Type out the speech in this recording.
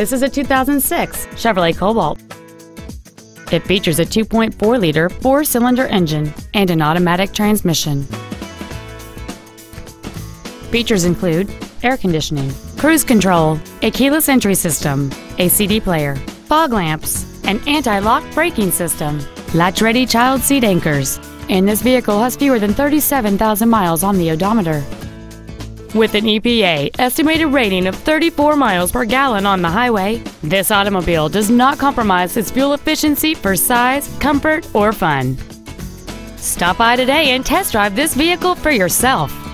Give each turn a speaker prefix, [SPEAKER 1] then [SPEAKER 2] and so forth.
[SPEAKER 1] This is a 2006 Chevrolet Cobalt. It features a 2.4-liter four-cylinder engine and an automatic transmission. Features include air conditioning, cruise control, a keyless entry system, a CD player, fog lamps, an anti-lock braking system, latch-ready child seat anchors, and this vehicle has fewer than 37,000 miles on the odometer.
[SPEAKER 2] With an EPA estimated rating of 34 miles
[SPEAKER 1] per gallon on the highway, this automobile does not compromise its fuel efficiency for size, comfort, or fun. Stop by today and test drive this vehicle for
[SPEAKER 3] yourself.